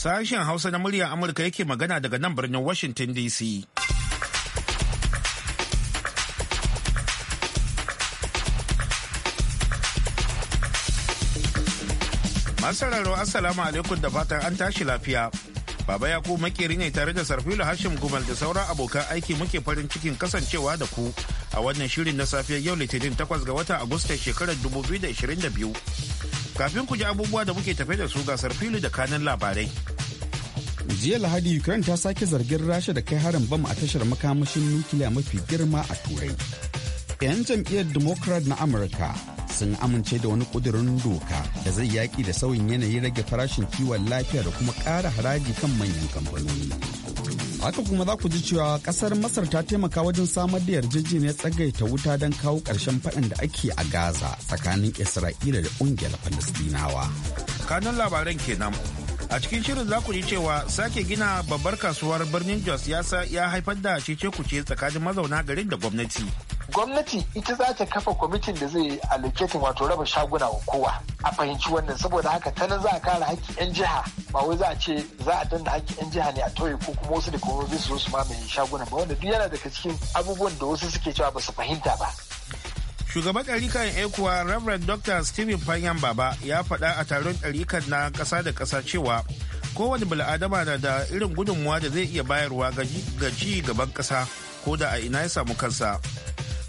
Sashen Hausa na muryar Amurka yake magana daga nan birnin Washington DC. Masararo Assalamu alaikum da fatan an tashi lafiya. Baba Yakubu makeri ne tare da Sarfila Hashim Gumal da sauran abokan aiki muke farin cikin kasancewa da ku a wannan shirin na safiyar yau Litinin 8 ga watan Agusta shekarar 2022. Kafin ku ji abubuwa da muke tafe da su ga sarfilu da kanan labarai. Jiya Lahadi Ukraine ta sake zargin Rasha da kai harin bam a tashar makamashin nukiliya mafi girma a Turai. 'Yan jam'iyyar Democrat na Amurka sun amince da wani ƙudurin doka da zai yaƙi da sauyin yanayi rage farashin kiwon lafiya da kuma ƙara haraji kan manyan kamfanoni. Haka kuma za ku ji cewa ƙasar Masar ta taimaka wajen samar da yarjejeniyar tsagaita wuta don kawo ƙarshen faɗin da ake a Gaza tsakanin Isra'ila da ƙungiyar Falastinawa. Kanun labaran kenan. A cikin shirin za ku ji cewa sake gina babbar kasuwar birnin Jos ya haifar da cece kuce tsakanin mazauna garin da gwamnati. gwamnati ita za ta kafa kwamitin da zai allocating wato raba shaguna wa kowa a fahimci wannan saboda haka ta za a kare 'yan jiha ba wai za a ce za a danna haƙƙi 'yan jiha ne a tauye ko kuma wasu da kuma zai su su mamaye shaguna ba wanda duk yana daga cikin abubuwan da wasu suke cewa ba su fahimta ba shugaban ɗarikan ekuwa reverend dr stephen fanyan baba ya faɗa a taron ɗarikan na ƙasa da ƙasa cewa kowane Bala'adama na da irin gudunmuwa da zai iya bayarwa ga ci gaban ƙasa ko da a ina ya samu kansa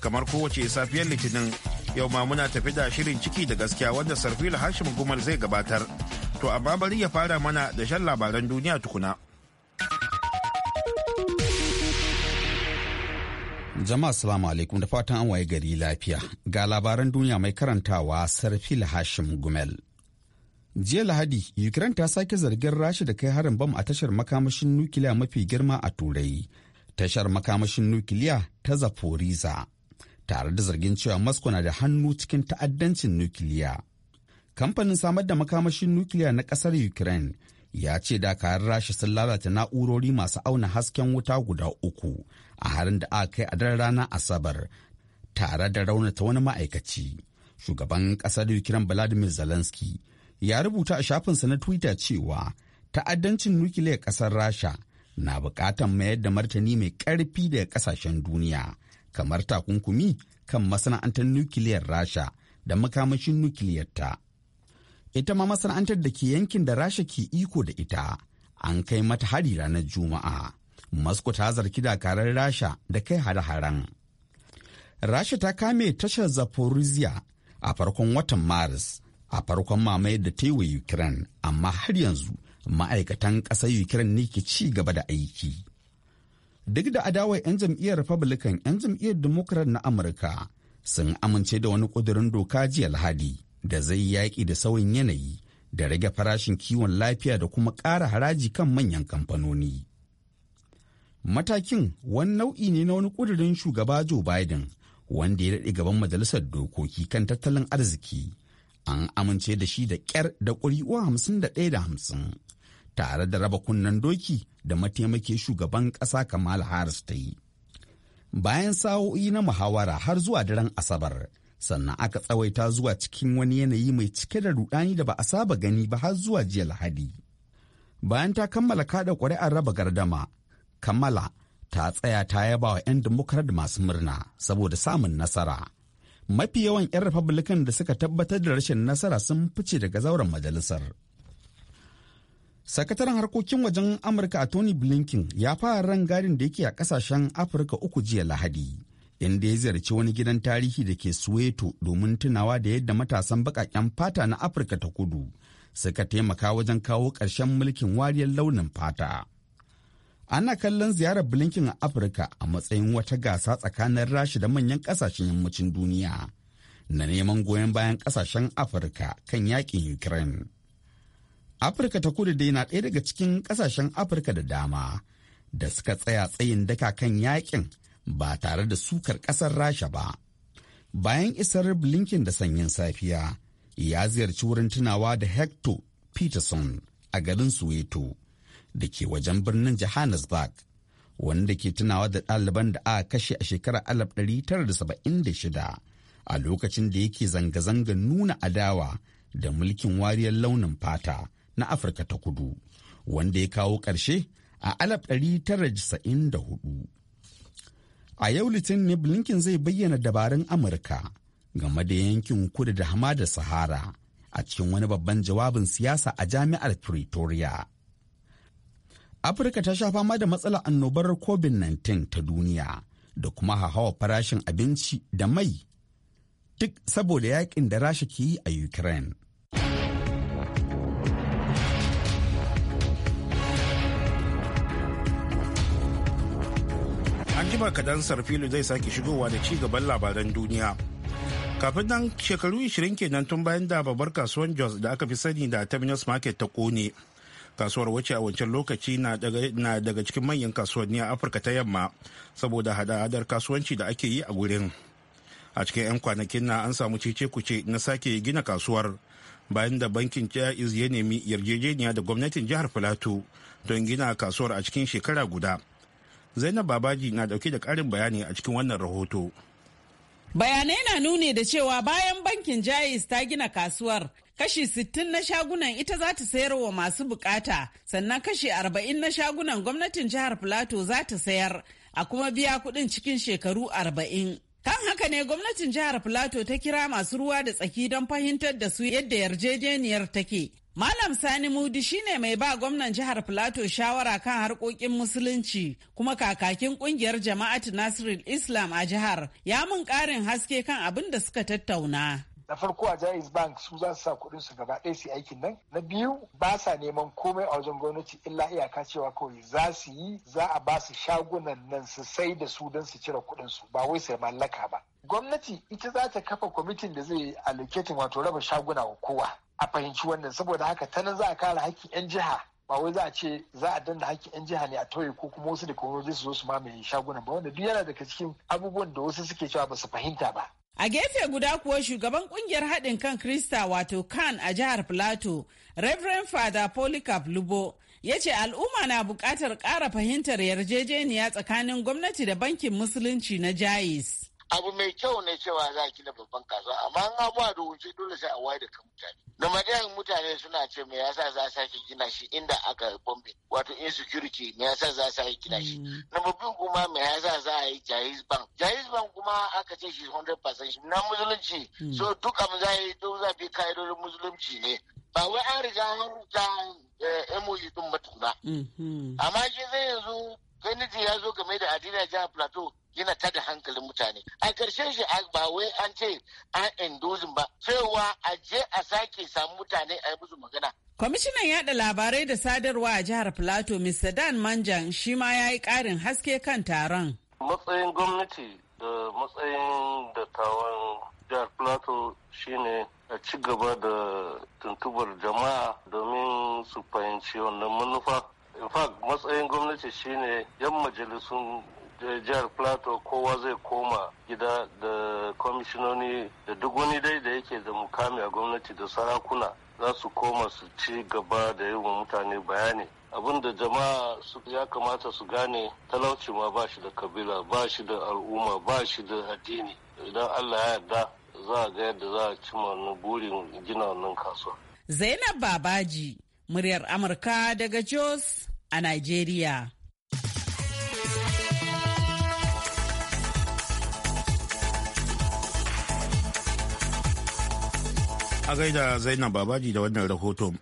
kamar kowace safiyar litinin yau ma muna tafi da shirin ciki da gaskiya wanda sarfila hashim gumal zai gabatar to amma bari ya fara mana da shan labaran duniya tukuna jama'a salamu alaikum da fatan an waye gari lafiya ga labaran duniya mai karantawa sarfila hashim gumel jiya lahadi ukraine ta sake zargin rasha da kai harin bam a tashar makamashin nukiliya mafi girma a turai tashar makamashin nukiliya ta zaporiza tare da zargin cewa Moscow na da hannu cikin ta'addancin nukiliya. Kamfanin samar da makamashin nukiliya na ƙasar Ukraine ya ce dakarun rasha sun lalata na'urori masu auna hasken wuta guda uku a harin da aka kai a daren rana Asabar tare da raunata wani ma'aikaci. Shugaban ƙasar Ukraine Vladimir Zelensky ya rubuta a shafinsa na Twitter cewa ta'addancin nukiliyar ƙasar Rasha na buƙatar mayar da martani mai ƙarfi daga ƙasashen duniya. kamar takunkumi kan masana'antar nukiliyar rasha da makamashin nukiliyarta ita ma masana'antar da ke yankin da rasha ke iko da ita an kai mata hari ranar juma'a moscow ta zargi dakarar rasha da kai har haren rasha ta kame tashar zaporizhia a farkon watan maris a farkon mamaye da ta yi wa ukraine amma har yanzu ma'aikatan ƙasar ukraine ne ke ci gaba da aiki duk da adawar 'yan jam'iyyar republican 'yan jam'iyyar democrat na amurka sun amince da wani ƙudurin doka jiya lahadi da zai yaƙi da sauyin yanayi da rage farashin kiwon lafiya da kuma ƙara haraji kan manyan kamfanoni matakin wani nau'i ne na wani ƙudurin shugaba joe biden wanda ya daɗe gaban majalisar dokoki kan tattalin arziki an amince da shi da ƙyar da ƙuri'u hamsin da ɗaya da hamsin tare da raba kunnen doki da mataimake shugaban ƙasa Kamal Harris ta yi. Bayan sa'o'i na muhawara har zuwa daren Asabar, sannan aka tsawaita zuwa cikin wani yanayi mai cike da rudani da ba a saba gani ba har zuwa jiya Lahadi. Bayan ta kammala kada ƙuri'ar raba gardama, Kamala ta tsaya ta yaba wa 'yan dimokrat masu murna saboda samun nasara. Mafi yawan 'yan Republican da suka tabbatar da rashin nasara sun fice daga zauren majalisar. sakataren harkokin wajen amurka a tony blinken ya fara rangadin da yake a kasashen afirka uku jiya lahadi inda ya ziyarci wani gidan tarihi da ke soweto domin tunawa da yadda matasan baƙaƙen fata na afirka ta kudu suka taimaka wajen kawo ƙarshen mulkin wariyar launin fata ana kallon ziyarar blinken a afirka a matsayin wata gasa tsakanin rashi da manyan ƙasashen yammacin duniya na neman goyon bayan ƙasashen afirka kan yaƙin ukraine afirka ta kudu dai na ɗaya daga cikin ƙasashen afirka da dama da suka tsaya tsayin daka kan yakin ba tare da sukar ƙasar rasha ba bayan isar blinken da sanyin safiya ya ziyarci wurin tunawa da hector peterson a garin soweto da ke wajen birnin johannesburg wanda ke tunawa da ɗaliban da aka kashe a shekarar shida a lokacin da yake zanga-zanga nuna adawa da mulkin wariyar launin fata na Afirka ta kudu, wanda ya kawo ƙarshe a ɗari tara da 1994. A yau Litinin Blinken zai bayyana dabarun Amurka game da yankin kudu da hama da Sahara a cikin wani babban jawabin siyasa a jami'ar Pretoria. Afirka ta sha fama da matsalar annobar COVID-19 ta duniya da kuma hahawa farashin abinci da mai duk saboda yakin da rasha ke yi a Ukraine. jima kadan sarfilu zai sake shigowa da ci gaban labaran duniya kafin nan shekaru 20 kenan tun bayan da babbar kasuwan jos da aka fi sani da terminus market ta kone kasuwar wacce a wancan lokaci na daga cikin manyan kasuwanni a afirka ta yamma saboda hada-hadar kasuwanci da ake yi a gurin a cikin 'yan kwanakin na an samu cece kuce na sake gina kasuwar bayan da bankin jaiz ya nemi yarjejeniya da gwamnatin jihar filato don gina kasuwar a cikin shekara guda Zainab Babaji na dauke da karin bayani a cikin wannan rahoto. Bayanai na nuni da cewa bayan bankin Jais ta gina kasuwar kashi sittin na shagunan ita za ta sayar wa masu bukata sannan kashi arba'in na shagunan gwamnatin jihar Filato za ta sayar a kuma biya kuɗin cikin shekaru arba'in. Kan haka ne gwamnatin jihar Filato ta kira masu ruwa da tsaki don fahimtar da su yadda yarjejeniyar take Malam Sani Mudi shine mai ba gwamnan jihar Filato shawara kan harkokin musulunci kuma kakakin kungiyar jama'at Nasiru Islam a jihar ya mun karin haske kan abin da suka tattauna. Na farko a Jaiz Bank su za su sa kuɗin su gaba ɗaya su aikin nan. Na biyu ba sa neman komai a wajen gwamnati illa iyaka cewa kawai za su yi za a ba su shagunan nan su sai da su don su cire kuɗin su ba wai sai mallaka ba. Gwamnati ita za ta kafa kwamitin da zai allocating wato raba shaguna wa kowa. a fahimci wannan saboda haka ta nan za a kare haƙƙin 'yan jiha ba wai za a ce za a danna hakkin 'yan jiha ne a tauye ko kuma wasu da kuma zai su zo su mamaye shagunan ba wanda duk yana daga cikin abubuwan da wasu suke cewa ba su fahimta ba. A gefe guda kuwa shugaban kungiyar haɗin kan Krista wato kan a jihar Plateau, Reverend Father Polycarp Lubo, ya ce al'umma na buƙatar ƙara fahimtar yarjejeniya tsakanin gwamnati da bankin musulunci na Jais. abu mai kyau ne cewa za a gina babban kasuwa amma an abuwa da wuce dole sai a waye da kan mutane nomadiyan mutane suna ce me yasa za a sake gina shi inda aka bombe. wato insecurity me yasa za a sake gina shi mm. na babban kuma me yasa za a yi jahiz bank jahiz bank kuma aka ce shi 100% shi na musulunci mm. so duk abin za a yi duk za a bi ka'idodin musulunci ne ba wai an riga an rubuta eh, MOU e din ba tukuna mm-hmm. amma shi zai yanzu gwamnati ya zo game da adina jihar plateau yana tada hankalin mutane a ƙarshen shi ba wai an ce an endozin ba cewa a je a sake samu mutane a yi musu magana Kwamishinan yada labarai da sadarwa a jihar Filato, Mr. Dan Manjan, shi ma ya yi ƙarin haske kan taron. Matsayin gwamnati da matsayin dattawan jihar Filato shine a ci gaba da tuntubar jama'a domin su fahimci wannan manufa. In fact, matsayin gwamnati shine 'yan majalisun jihar plateau kowa zai koma gida da kwamishinoni da duk wani dai da yake da mukami a gwamnati da sarakuna za su koma su ci gaba da yi wa mutane bayani abin da jama'a ya kamata su gane talauci ma ba shi da kabila ba shi da al'umma ba shi da addini idan allah ya yarda za a ga yadda za a ci wannan burin gina wannan kasuwa zainab babaji muryar amurka daga jos a nigeria A gaida Zainab Babaji da wannan rahoto.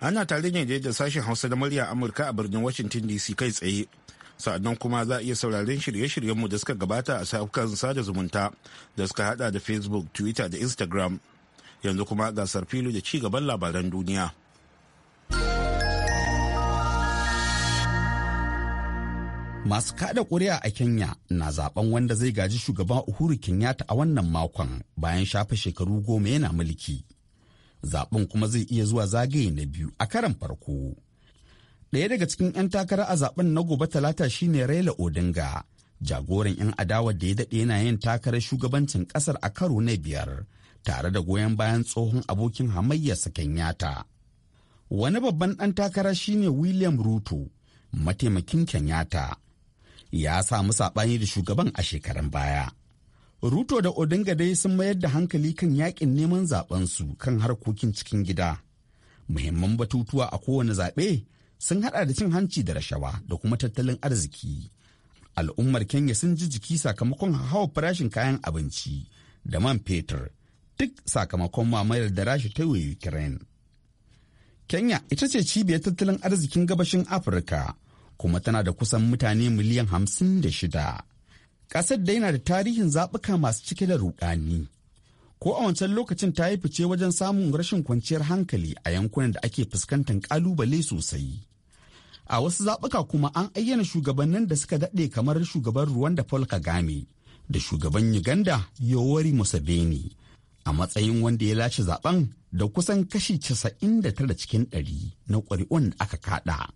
Ana tare ne da sashen Hausa da murya Amurka a birnin Washington DC kai tsaye. Sa'annan kuma za a iya sauraren shirye-shiryenmu da suka gabata a shafukan sada zumunta da suka hada da Facebook, Twitter da Instagram. Yanzu kuma gasar filo da ci gaban labaran duniya. Masu kada kuri'a a Kenya na zaben wanda zai gaji shugaban Uhuru Kenyatta a wannan makon bayan shafe shekaru goma yana mulki. zaben kuma zai iya zuwa zagaye na biyu a karan farko ɗaya daga cikin 'yan takara a zaben na gobe talata shine raila odinga jagoran 'yan adawa da ya daɗe yana yin takarar shugabancin ƙasar a karo na biyar tare da goyon bayan tsohon abokin hamayyarsa kenyatta wani babban ɗan takara shine william ruto mataimakin kenyatta ya samu saɓani da shugaban a shekaran baya Ruto da Odinga dai sun mayar da hankali kan yakin neman zabensu kan harkokin cikin gida. Muhimman batutuwa a kowane zaɓe sun haɗa da cin hanci da rashawa da kuma tattalin arziki. Al'ummar Kenya sun ji jiki sakamakon hawa farashin kayan abinci da man fetur duk sakamakon mamayar da rashi ta yi Ukraine. Kenya ita ce cibiyar tattalin arzikin gabashin Afirka kuma tana da kusan mutane miliyan hamsin da shida. Ƙasar da yana da tarihin zaɓuka masu cike da ruƙani. Ko a wancan lokacin ta yi fice wajen samun rashin kwanciyar hankali a yankunan da ake fuskantar ƙalubale sosai. A wasu zaɓuka kuma an ayyana shugabannin da suka daɗe kamar shugaban ruwan da Paul Kagame da shugaban Uganda Yoweri Museveni a matsayin wanda ya lashe zaben da kusan kashi casa'in da 99 cikin 100 na ƙuri'un da aka kaɗa.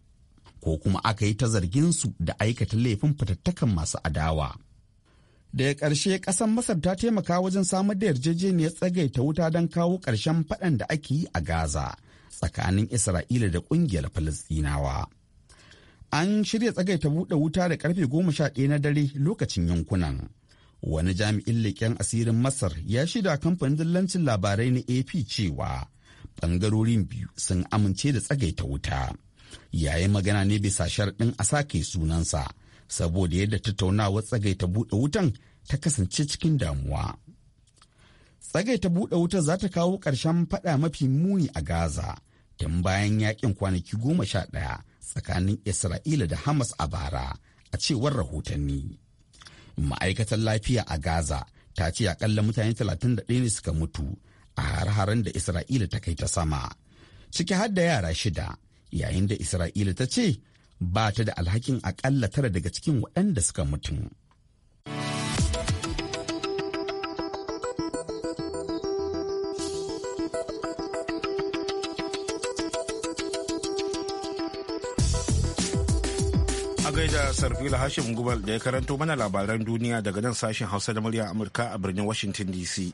Ko kuma aka yi ta zargin su da aikata laifin fitattakan masu adawa. daga ƙarshe ƙasar masar ta taimaka wajen samar da yarjejeniyar tsagaita wuta don kawo ƙarshen faɗan da ake yi a gaza tsakanin isra'ila da ƙungiyar falastinawa an shirya tsagaita buɗe wuta da ƙarfe goma sha ɗaya na dare lokacin yankunan wani jami'in leƙen asirin masar ya shida kamfanin dillancin labarai na ap cewa ɓangarorin biyu sun amince da tsagaita wuta yayin magana ne bisa sharɗin a sake sunansa saboda yadda tattaunawar tsagaita buɗe wutan ta kasance cikin damuwa. Tsagai ta buɗe wutar za ta kawo ƙarshen faɗa mafi muni a Gaza tun bayan yaƙin kwanaki goma sha ɗaya tsakanin Isra'ila da Hamas a bara a cewar rahotanni. Ma'aikatar lafiya a Gaza ta ce akalla mutane talatin 31 ne suka mutu a har-haren da Isra'ila ta kai ta sama, ciki har da yara shida, yayin da Isra'ila ta ce ba ta da alhakin akalla tara daga cikin waɗanda suka mutu. A gaida Sarfila Hashim Gubal da ya karanto mana labaran duniya daga nan sashen Hausa da murya Amurka a birnin Washington DC.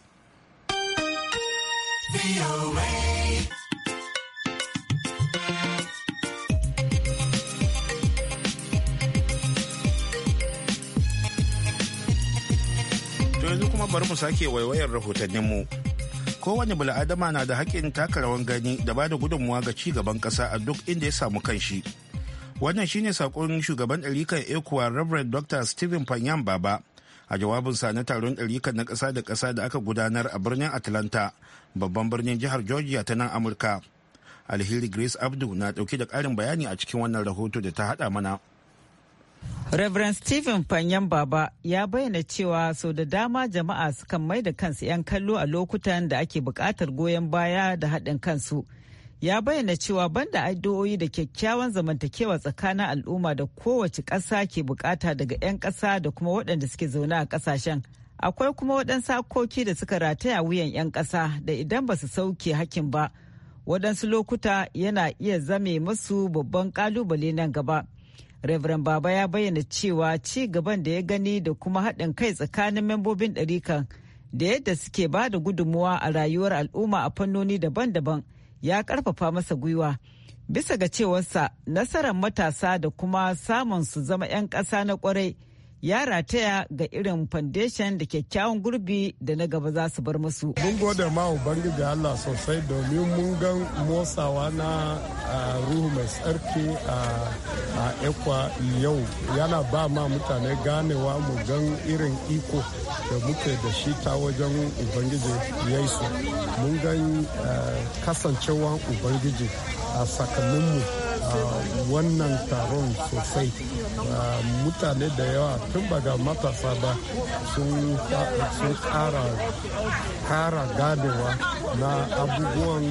To yanzu kuma bari mu sake waiwayar mu. Kowane bala'adama na da haƙƙin taka gani da ba da gudunmuwa ga ci gaban ƙasa a duk inda ya samu kanshi. shi. wannan shine sakon shugaban ɗarikar ekuwa reverend dr stephen panyan baba a jawabinsa na taron ɗarikar na ƙasa da ƙasa da aka gudanar a birnin atlanta babban birnin jihar georgia ta nan amurka alheri grace abdu na ɗauke da ƙarin bayani a cikin wannan rahoto da ta haɗa mana Reverend Stephen panyan Baba ya bayyana cewa sau da dama jama'a sukan mai da kansu 'yan kallo a lokutan da ake buƙatar goyon baya da haɗin kansu. ya bayyana cewa banda addu'o'i da kyakkyawan zamantakewa tsakanin al'umma da kowace ƙasa ke bukata daga 'yan ƙasa da kuma waɗanda suke zaune a ƙasashen akwai kuma waɗansu hakoki da suka rataya wuyan 'yan ƙasa da idan ba su sauke hakkin ba waɗansu lokuta yana iya zame musu babban ƙalubale nan gaba reverend baba ya bayyana cewa ci gaban da ya gani da kuma haɗin kai tsakanin membobin ɗarikan da yadda suke ba da gudunmuwa a rayuwar al'umma a fannoni daban-daban ya karfafa masa gwiwa bisa ga cewarsa nasarar matasa da kuma samun su zama 'yan ƙasa na kwarai ya rataya ga irin foundation da kyakkyawan gurbi da na gaba za su bar musu. Mun gode ma Ubangiji Allah sosai domin mun gan motsawa na ruhu mai tsarki a ekwa yau yana ba ma mutane ganewa mu gan irin iko da muke da shi ta wajen Ubangiji Yesu. Mun gan kasancewa Ubangiji a sakaninmu a wannan taron sosai mutane da yawa tun ga matasa ba sun kara ganewa na abubuwan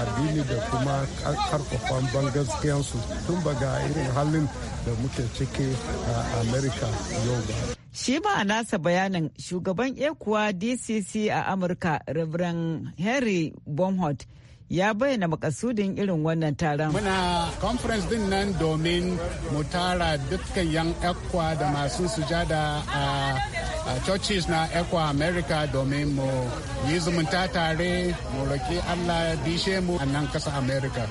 addini da kuma karfafan bangaskiyansu tun ga irin halin da muke ciki a america yau ba Shi ma a nasa bayanin shugaban ekuwa DCC a Amurka, Reverend Henry Bonholt ya bayyana makasudin irin wannan taron. Muna conference din nan domin mu tara dukkan yan ekwa da masu sujada a churches na ekwa America domin mu yi zumunta tare mu roki Allah bishe mu a nan kasa America.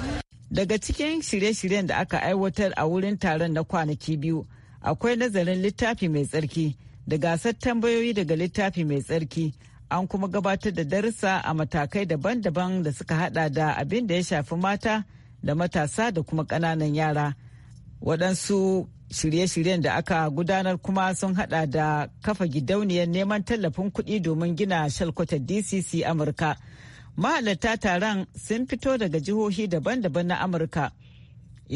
Daga cikin shirye-shiryen da aka aiwatar a wurin taron na kwanaki biyu akwai nazarin littafi mai tsarki da gasar tambayoyi daga littafi mai tsarki an kuma gabatar da darussa a matakai daban-daban da suka hada da abin da ya shafi mata da matasa da kuma ƙananan yara waɗansu shirye-shiryen da aka gudanar kuma sun hada da kafa gidauniyar neman tallafin kuɗi domin gina shalkwatar dcc amurka mahalarta taron sun fito daga jihohi daban-daban na amurka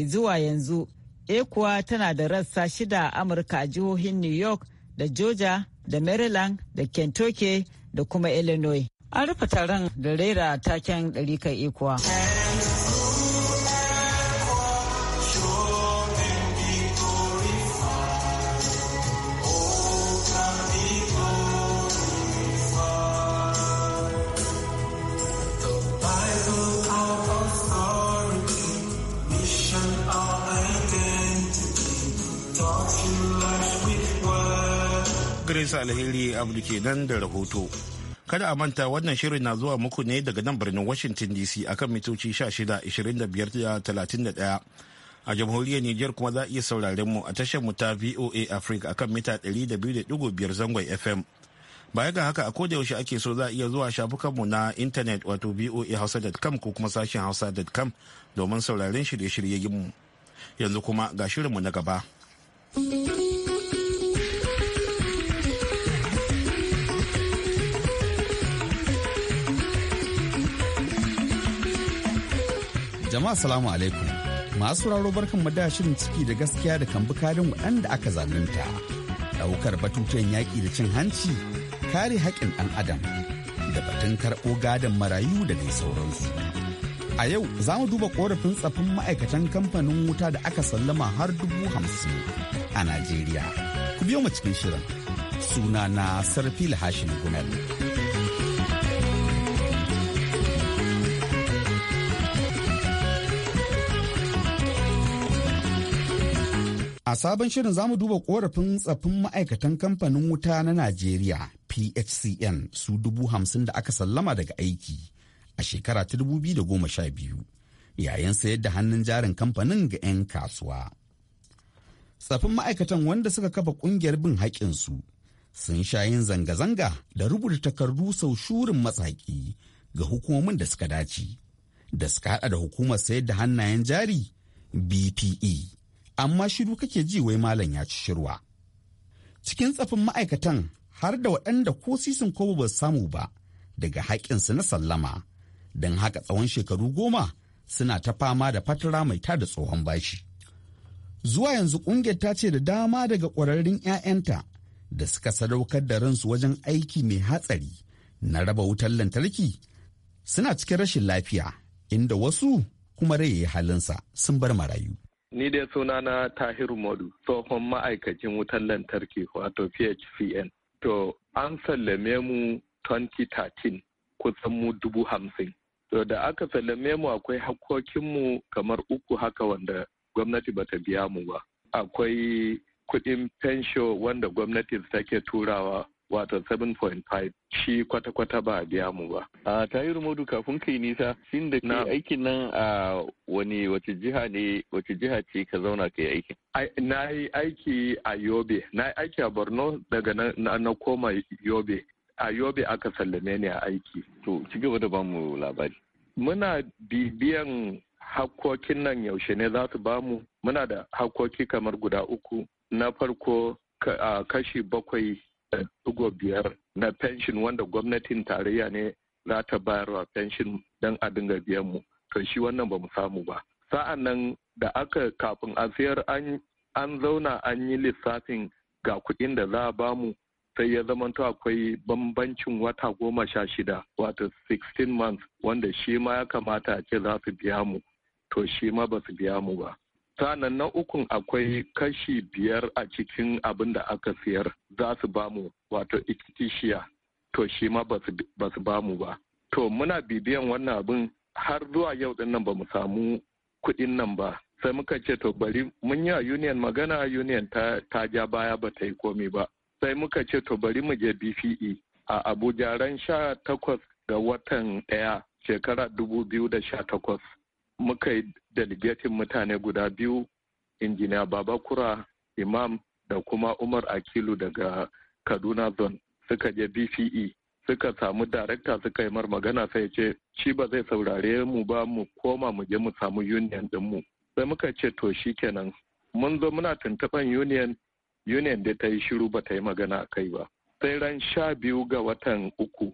zuwa yanzu ekuwa tana da rassa shida a amurka a jihohin new york da georgia da maryland da kentucky da kuma illinois an rufe taron da rera taken ɗarikar ikuwa. Thoughts you left me Grace Alheri Abdu kenan da rahoto. Kada a manta wannan shirin na zuwa muku ne daga nan birnin Washington DC akan mitoci 16, 25, 31. a jamhuriyar Nijar kuma za a iya sauraren mu a tashar mu ta VOA Africa akan mita 200.5 zangon FM. Baya ga haka a koda yaushe ake so za a iya zuwa shafukan mu na intanet wato voahausa.com ko kuma sashen hausa.com domin sauraren shirye-shiryen mu. Yanzu kuma ga shirinmu na gaba. Jama'a salamu alaikum. Masu sauraro barkan mu shirin ciki da gaskiya da kan bukarin waɗanda aka zalunta. Daukar batutuwan yaƙi da cin hanci, kare haƙƙin ɗan adam, da batun karɓo gadon marayu da dai sauransu. A yau za mu duba korafin tsafin ma'aikatan kamfanin wuta da aka sallama har dubu hamsin a Najeriya. Ku biyo mu cikin shirin. suna na Sarfil Lahashin Gunal. A sabon shirin zamu duba korafin tsafin ma'aikatan kamfanin wuta na Najeriya PHCN su dubu hamsin da aka sallama daga aiki a shekara ta dubu biyu da goma sha biyu yayin sayar da hannun jarin kamfanin ga 'yan kasuwa. Tsafin ma'aikatan wanda suka kafa kungiyar bin haƙƙinsu sun sha yin zanga-zanga da rubuta takardu sau shurin matsaki ga hukumomin da suka dace da suka haɗa da hukumar sayar da hannayen jari BPE. amma shiru kake ji wai malam ya ci shirwa. Cikin tsafin ma'aikatan har da waɗanda ko sisin ko ba samu ba daga haƙƙinsu na sallama, don haka tsawon shekaru goma suna ta fama da fatara mai tada tsohon bashi. Zuwa yanzu ƙungiyar ta ce da dama daga ƙwararrun 'ya'yanta da suka sadaukar da ransu wajen aiki mai hatsari na raba wutar lantarki suna cikin rashin lafiya inda wasu kuma rai halinsa sun bar marayu. Ni dai suna na Tahiru Modu, tsohon ma'aikacin wutar lantarki wato PHCN. To, an sallame mu 2013 kusan mu dubu hamsin. To, da aka sallame mu akwai hakkokinmu kamar uku haka wanda gwamnati bata biya mu ba. Akwai kuɗin fensho wanda gwamnati take turawa wato 7.5 shi kwata-kwata ba a biya mu ba. A tayi rumodu kafin kai nisa shin da ke aikin nan a wani wace jiha ne wace jiha ce ka zauna ka yi aikin? Na yi aiki a Yobe, na yi aiki a Borno daga na koma Yobe. A Yobe aka sallame ni a aiki. To, ci gaba da bamu labari. Muna bibiyan hakkokin nan yaushe ne za su bamu. Muna da hakkoki kamar guda uku. Na farko kashi bakwai biyar na fenshin wanda gwamnatin tarayya ne za ta bayarwa fenshin don a dinga biyan mu to shi wannan ba mu samu ba sa'an nan da aka kafin a siyar an zauna an yi lissafin ga kuɗin da za a ba mu, sai ya zamanta akwai bambancin wata goma sha shida wato 16 months wanda shi ma ya kamata a ce za su biya mu to shi ma ba su biya mu ba Sa'annan na ukun akwai kashi biyar a cikin abin da aka siyar za su bamu wato ikitishiya to shi ma ba su bamu ba. To muna bibiyan wannan abin har zuwa yau din nan ba mu samu kuɗin nan ba. Sai muka ce to bari mun yi a union magana union ta, ta ja baya ba ta yi komi ba. Sai muka ce to bari mu je BCE a Abuja ran sha takwas ga watan daya shekara dubu biyu da sha takwas. muka yi delegating mutane guda biyu injiniya babakura imam da kuma umar akilu daga kaduna zone suka je bce suka samu darakta suka yi magana sai ce shi ba zai saurare mu ba mu koma mu je mu samu union mu. sai muka ce to shi kenan mun zo muna tuntuɓar union union da ta yi shiru ba ta yi magana a kai ba sai ran sha biyu ga watan uku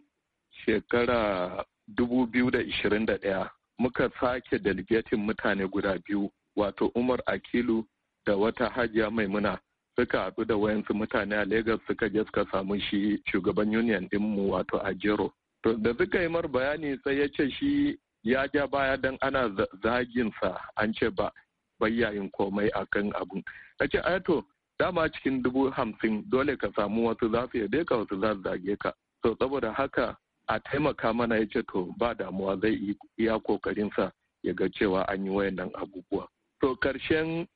shekara 2021 muka sake delegating mutane guda biyu wato umar akilu da wata hajiya maimuna suka haɗu da wayansu mutane a Legas suka je suka samu shi shugaban union dinmu wato Ajero. To da suka yi mar bayani sai ya ce shi ya ja baya don ana zaginsa an ce ba bayyayin komai akan abun. Ya ce ayato dama cikin dubu hamsin dole ka samu wasu za su yabe ka wasu za su zage ka. To saboda haka a taimaka mana ya ce to ba damuwa zai iya kokarinsa ya ga cewa an yi wayannan abubuwa to karshen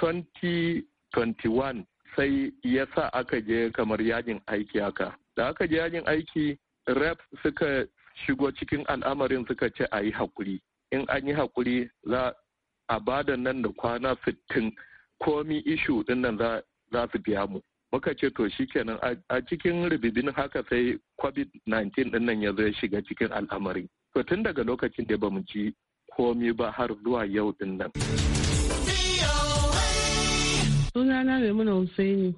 2021 sai ya sa aka je kamar yajin aiki haka da aka je yajin aiki rep suka shigo cikin al'amarin suka ce a yi haƙuri in an yi haƙuri za a bada nan da kwana 60 komi ishu din nan za su biya mu muka ce to shikenan a cikin ribibin haka sai covid-19 din nan ya zo ya shiga cikin al'amari to tun daga lokacin da ba mu ci komi ba har zuwa yau din nan sunana maimuna hussaini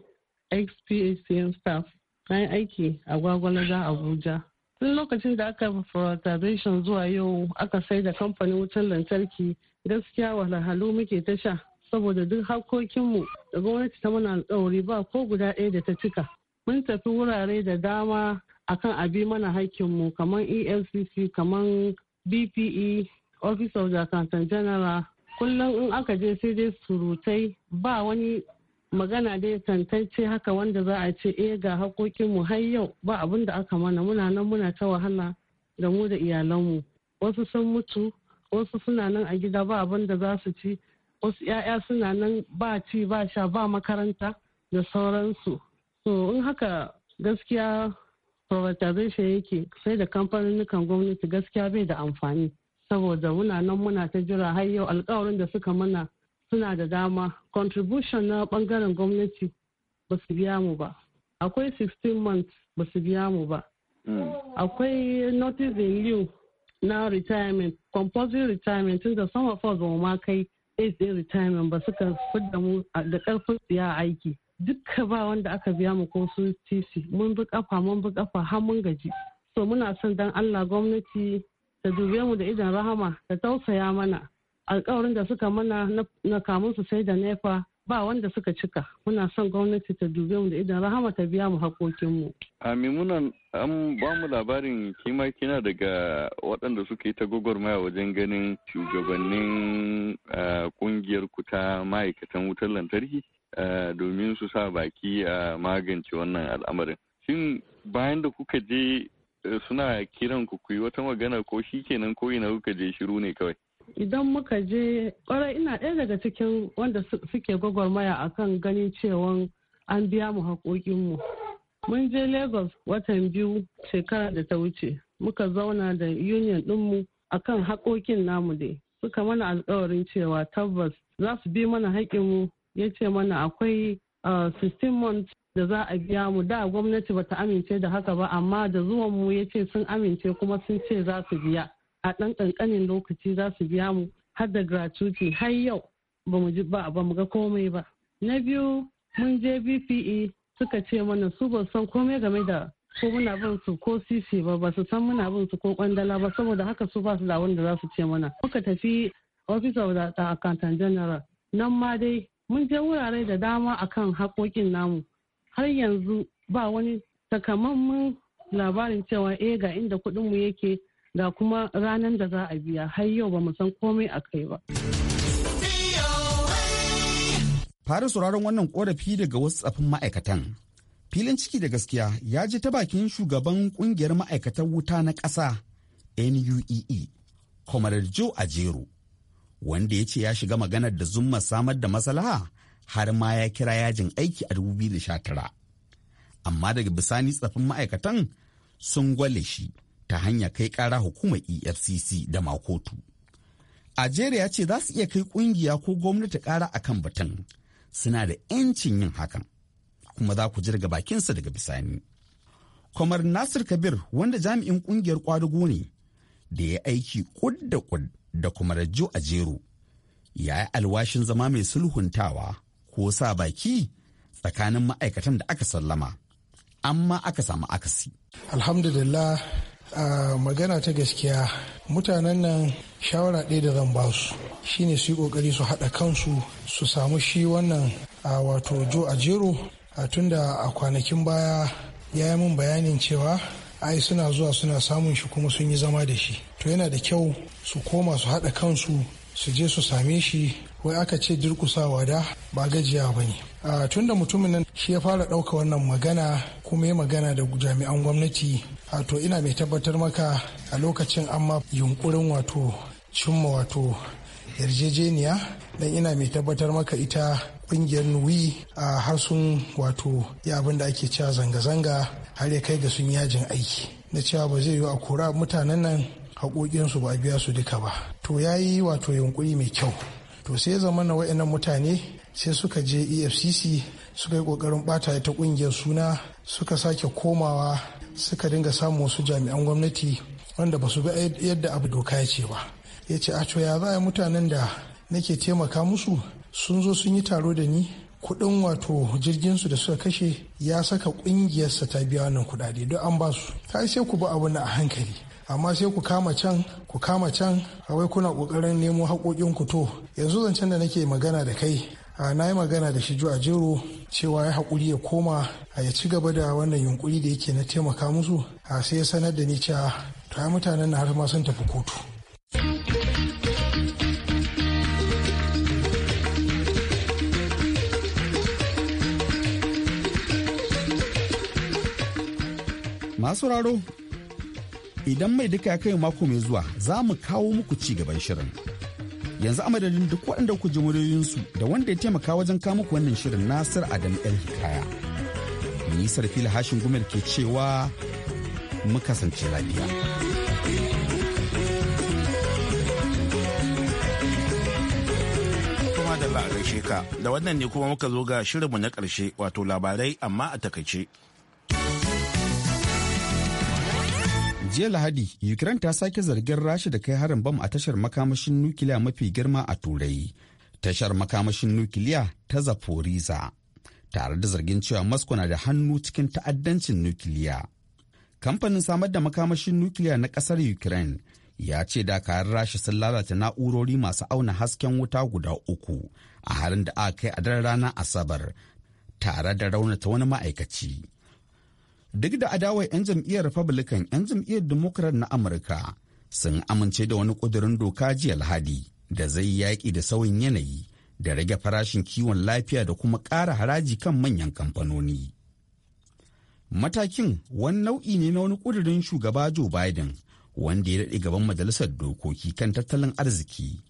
xpacm staff na aiki a gwagwalaga abuja tun lokacin da aka privatization zuwa yau aka sai da kamfanin wutar lantarki gaskiya wahalhalu muke tasha. saboda duk harkokinmu da gwamnati ta mana tsauri ba ko guda ɗaya da ta cika mun tafi wurare da dama akan abi mana haƙƙinmu kamar efcc kamar bpe office of the accountant general kullum in aka je sai dai surutai ba wani magana dai tantance haka wanda za a ce eh ga haƙoƙinmu har yau ba abin da aka mana muna nan muna ta wahala da mu da iyalanmu wasu sun mutu wasu suna nan a gida ba abin da za su ci wasu 'ya'ya suna nan ba ci ba sha ba makaranta da sauransu so in haka gaskiya privatization yake sai da kamfanonukan gwamnati gaskiya bai da amfani saboda muna nan muna ta jira har yau alkawarin da suka mana suna da dama contribution na bangaren gwamnati ba su biya mu ba akwai 16 months ba su biya mu ba hmm. akwai notice in lieu na retirement compulsory retirement tun da some of us ma kai aids din retirement ba suka fidda mu da karfin siya aiki dukka ba wanda aka biya mu ko su tc mun bi kafa mun bi kafa har mun gaji so muna son dan allah gwamnati ta dube mu da idan rahama ta tausaya mana alkawarin da suka mana na kamun su sai da nefa ba wanda suka cika muna son gwamnati ta dube mu da idan rahama ta biya mu haƙoƙinmu. mimunan an ba mu labarin kima kina daga waɗanda suka yi ta gwagwarmaya wajen ganin shugabannin ƙungiyar ku ta ma'aikatan wutar lantarki domin su sa baki a magance wannan al'amarin. Shin bayan da kuka je eh, suna kiran ku yi wata magana ko shi kenan ko ina kuka je shiru ne kawai. idan muka je kwarai ina ɗaya daga cikin wanda suke gwagwarmaya kan ganin cewa an biya mu haƙoƙinmu mun je lagos watan biyu shekara da ta wuce muka zauna da union ɗinmu a kan haƙoƙin namu dai suka mana alkawarin cewa tabbas za su bi mana haƙinmu ya ce mana akwai 16 ah, months da za a biya mu da gwamnati bata amince da haka ba amma da zuwanmu ya ce sun amince kuma sun ce za su biya a ɗan ƙanƙanin lokaci za su biya mu har da gratuity har yau ba mu ji ba ba mu ga komai ba na biyu mun je bpe suka ce mana su ba san komai game da ko muna bin su ko sisi ba ba su san muna bin su ko kwandala ba saboda haka su ba su da wanda za su ce mana muka tafi office of the accountant general nan ma dai mun je wurare da dama akan haƙoƙin namu har yanzu ba wani takamammun labarin cewa eh ga inda kuɗinmu yake da kuma ranar da za a biya har yau ba mu san komai a kai ba. Fara sauraron wannan korafi daga wasu tsafin ma'aikatan. Filin ciki da gaskiya ya ji ta bakin shugaban kungiyar ma'aikatan wuta na ƙasa NUEE, e, Comrade Joe Ajero, wanda ya ce ya shiga maganar da zumma samar da maslaha har ma ya kira yajin aiki a 2019. Amma daga bisani tsafin ma'aikatan sun gwale shi ta hanyar kai kara hukumar efcc da makotu a ya ce za su iya kai kungiya ko gwamnati kara akan batun suna da 'yancin yin hakan kuma za ku jirga bakinsa daga bisani kwamar nasir kabir wanda jami'in kungiyar kwadugo ne da ya aiki kud da da kuma rajo a jero ya yi alwashin zama mai sulhuntawa ko sa baki tsakanin ma'aikatan da aka sallama amma aka samu akasi alhamdulillah a magana ta gaskiya mutanen nan shawara ɗaya da zan ba su shine su yi ƙoƙari su haɗa kansu su samu shi wannan a wato jo a jero a tunda a kwanakin baya ya yi min bayanin cewa ai suna zuwa suna samun shi kuma sun yi zama da shi to yana da kyau su koma su haɗa kansu su je su same shi wai aka ce durkusawa da ba gajiya ba ne a tun da mutumin nan shi ya fara ɗauka wannan magana kuma ya magana da jami'an gwamnati a to ina mai tabbatar maka a lokacin amma yunkurin wato cimma wato yarjejeniya dan ina mai tabbatar maka ita kungiyar nuwi a harsun wato ya abin da ake cewa zanga-zanga har ya kai ga sun yajin aiki na cewa ba zai yi a kora mutanen nan haƙoƙinsu ba a biya su duka ba to ya yi wato yunkuri mai kyau to sai zama na wa'annan mutane sai suka je efcc suka yi kokarin bata ta kungiyar suna suka sake komawa suka dinga samun wasu jami'an gwamnati wanda ba su ga yadda abu doka ya ce ba ya ce a ya za a mutanen da nake taimaka musu sun zo sun yi taro da ni kudin wato jirginsu da suka kashe ya saka kungiyarsa ta biya wannan kudade don an ba su ta sai ku ba abu na a hankali amma sai ku kama can ku kama can a wai kuna kokarin nemo haƙoƙin ku to yanzu zancen da nake magana da kai a na yi magana da shi a jero cewa ya haƙuri ya koma a ya ci gaba da wannan yunƙuri da yake na taimaka musu a sai ya sanar da ni cewa to ya mutanen na har ma sun tafi kotu Masu raro idan mai duka ya kai mako mai zuwa za mu kawo muku ci gaban shirin yanzu madadin duk waɗanda ku ji da wanda ya taimaka wajen kawo muku wannan shirin nasir adam el hikaya nisar fili hashin gumel ke cewa mu kasance lafiya kuma da a ka da wannan ne kuma muka zo ga shirinmu na ƙarshe wato labarai amma a takaice jiya lahadi ukraine ta sake zargin rasha da kai harin bam a tashar makamashin nukiliya mafi girma a turai tashar makamashin nukiliya ta zaporiza tare da zargin cewa moscow na da hannu cikin ta'addancin nukiliya kamfanin samar da makamashin nukiliya na kasar ukraine ya ce da kayan rasha sun lalata na'urori masu auna hasken wuta guda uku a harin da aka kai a daren ranar asabar tare da raunata wani ma'aikaci duk da adawar 'yan jam'iyyar republican 'yan jam'iyyar democrat na amurka sun amince da wani ƙudurin doka jiya lahadi da zai yaƙi da sauyin yanayi da rage farashin kiwon lafiya da kuma ƙara haraji kan manyan kamfanoni matakin wani nau'i ne na wani ƙudurin shugaba joe biden wanda ya daɗe gaban majalisar dokoki kan tattalin arziki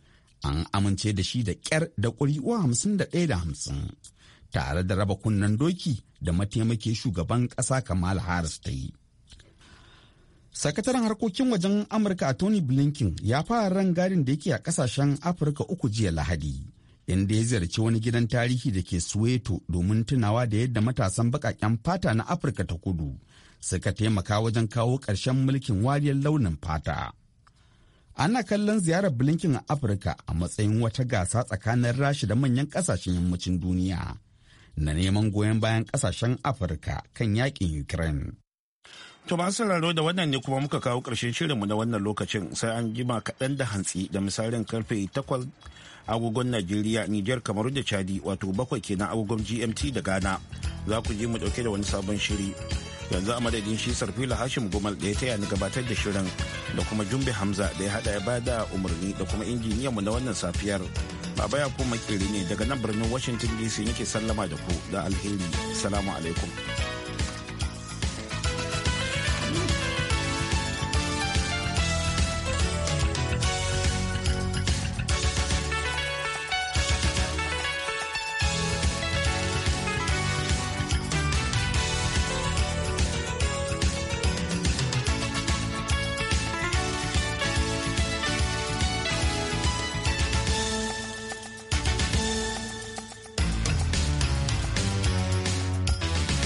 an amince da shi da ƙyar da ƙuri'u hamsin da ɗaya da hamsin tare da raba kunnen doki da mataimake shugaban ƙasa kamal harris ta yi sakataren harkokin wajen amurka a tony blinken ya fara ran gadin da yake a kasashen afirka uku jiya lahadi inda ya ziyarci wani gidan tarihi da ke soweto domin tunawa da yadda matasan baƙaƙen fata na afirka ta kudu suka taimaka wajen kawo ƙarshen mulkin wariyar launin fata. Ana kallon ziyarar Blinken a Afirka a matsayin wata gasa tsakanin rashi da manyan ƙasashen yammacin duniya na neman goyon bayan kasashen afirka kan yakin ukraine to ba sauraro da wannan ne kuma muka kawo ƙarshen shirinmu na wannan lokacin sai an jima kaɗan da hantsi da misalin karfe takwas agogon najeriya nijar kamaru da chadi wato bakwai kenan agogon gmt da ghana za ku je mu ɗauke da wani sabon shiri yanzu a madadin shi sarfila hashim gomal da ya taya ni gabatar da shirin da kuma jumbe hamza da ya hada ya ba da umarni da kuma injiniyanmu na wannan safiyar baba ya kuma makeri ne daga nan birnin washington dc yake sallama da ku da alheri salamu alaikum